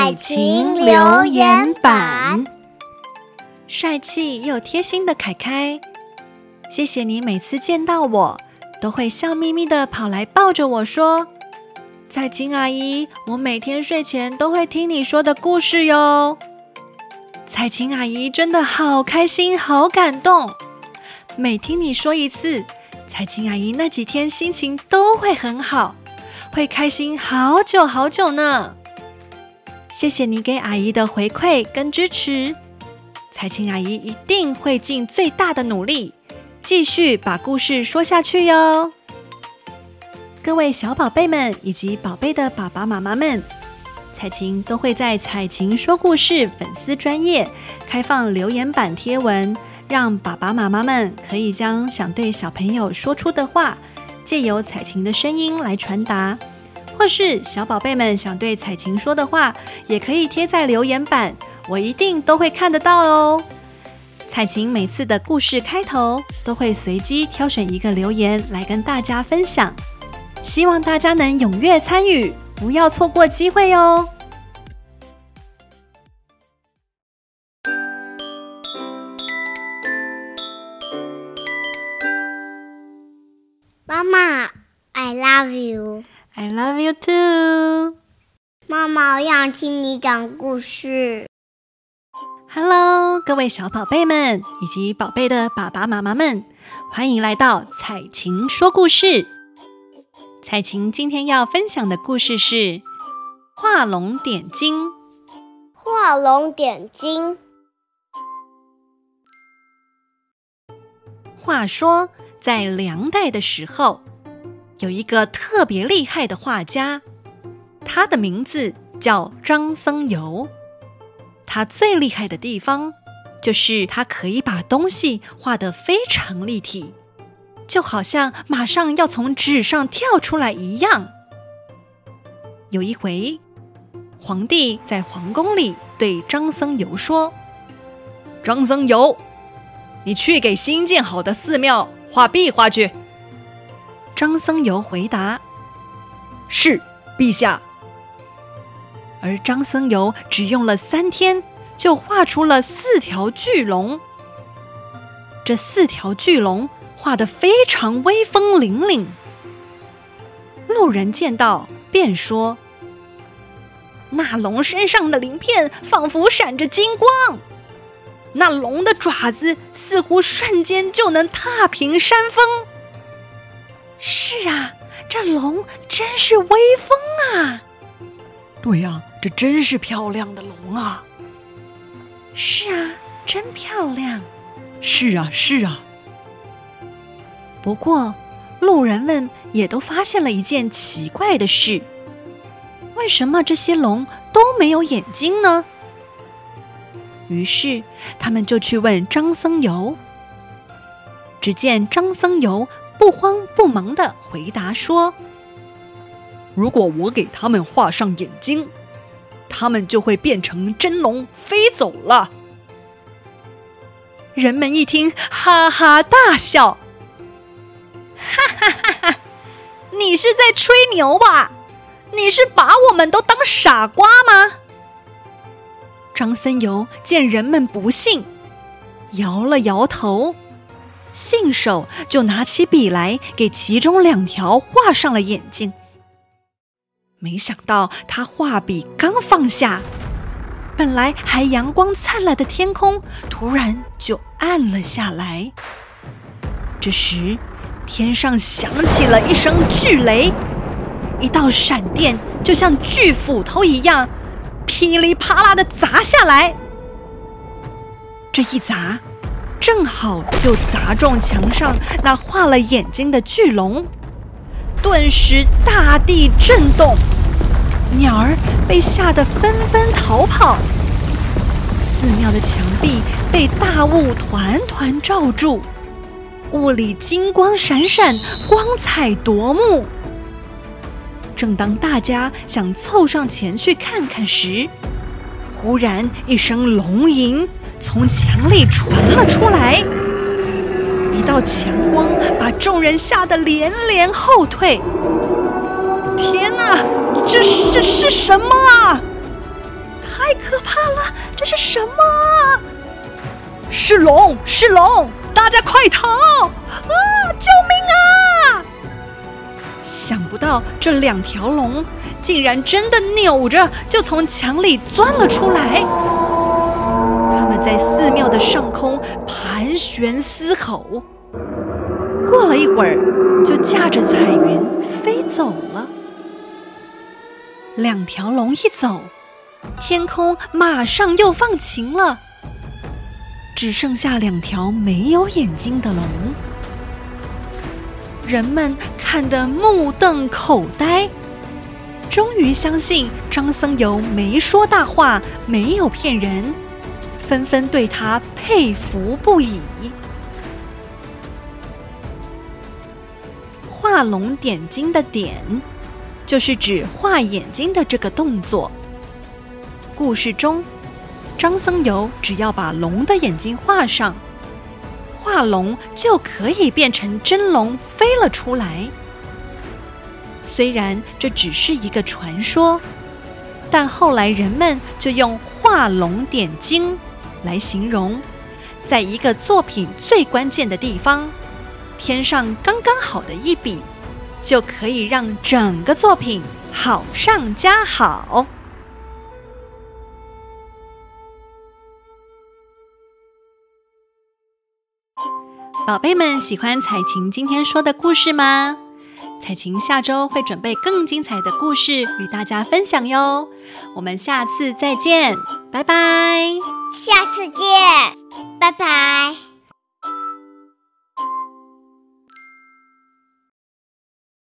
彩琴留言板，帥氣又貼心的凱凱，謝謝你每次見到我都會笑眯眯的跑來抱着我說：“彩琴阿姨，我每天睡前都會聽你說的故事喲。”彩琴阿姨真的好開心，好感動，每聽你說一次，彩琴阿姨那幾天心情都會很好，會開心好久好久呢。謝謝你給阿姨的回饋跟支持，彩琴阿姨一定會盡最大的努力，繼續把故事說下去喲。各位小寶貝們以及寶貝的爸爸媽媽們，彩琴都會在彩琴說故事粉絲專頁開放留言板貼文，讓爸爸媽媽們可以將想對小朋友說出的話，借由彩琴的聲音來傳達。或是小寶貝們想對彩琴說的話，也可以貼在留言板，我一定都會看得到哦。彩琴每次的故事開頭都會隨機挑選一個留言來跟大家分享，希望大家能踴躍參與，不要錯過機會哦。Love you too，媽媽，我想聽你講故事。哈嘍，各位小寶貝們以及寶貝的爸爸媽媽們，歡迎來到彩琴說故事。彩琴今天要分享的故事是《畫龍點睛》。畫龍點睛。話說在梁代的時候，有一個特別厲害的畫家，他的名字叫張僧繇。他最厲害的地方就是他可以把東西畫得非常立體，就好像馬上要從紙上跳出來一樣。有一回，皇帝在皇宮裡對張僧繇說：“張僧繇，你去給新建好的寺廟畫壁畫去。”張僧繇回答：“是，陛下。”而張僧繇只用了三天，就畫出了四條巨龍。這四條巨龍畫得非常威風凛凛。路人見到，便說：“那龍身上的鱗片仿佛閃着金光，那龍的爪子似乎瞬間就能踏平山峰。”是啊，這龍真是威風啊！對呀，這真是漂亮的龍啊！是啊，真漂亮！是啊，是啊。不過，路人們也都發現了一件奇怪的事：為什麼這些龍都沒有眼睛呢？於是，他們就去問張僧繇。只見張僧繇不慌不忙地回答說：“如果我給他們畫上眼睛，他們就會變成真龍飛走了。”人們一聽，哈哈大笑：“哈哈哈！哈，你是在吹牛吧？你是把我們都當傻瓜嗎？”張僧繇見人們不信，搖了搖頭。信手就拿起筆來，給其中兩條畫上了眼睛。沒想到他畫筆剛放下，本來還陽光燦爛的天空，突然就暗了下來。這時，天上響起了一聲巨雷，一道閃電就像巨斧頭一樣，噼裡啪啦的砸下來。這一砸，正好就砸中牆上那畫了眼睛的巨龍，頓時大地震動，鳥兒被嚇得紛紛逃跑。寺廟的牆壁被大霧團團罩住，霧裡金光閃閃，光彩奪目。正當大家想湊上前去看看時，忽然一聲龍吟。從牆裡傳了出來，一道強光把眾人嚇得連連後退。天哪，這是這是什麼啊？太可怕了！這是什麼？是龍，是龍！大家快逃啊！救命啊！想不到這兩條龍竟然真的扭着就從牆裡鑽了出來。在寺廟的上空盤旋嘶吼，過了一會兒，就駕着彩雲飛走了。兩條龍一走，天空馬上又放晴了，只剩下兩條沒有眼睛的龍。人們看得目瞪口呆，終於相信張僧繇沒說大話，沒有騙人，紛紛對他佩服不已。畫龍點睛的“點”，就是指畫眼睛的這個動作。故事中，張僧繇只要把龍的眼睛畫上，畫龍就可以變成真龍飛了出來。雖然這只是一個傳說，但後來人們就用“畫龍點睛”。來形容，在一個作品最關鍵的地方，添上剛剛好的一筆，就可以讓整個作品好上加好。寶貝們，喜歡彩琴今天說的故事嗎？彩琴下週會準備更精彩的故事與大家分享喲，我們下次再見，拜拜。下次見，拜拜。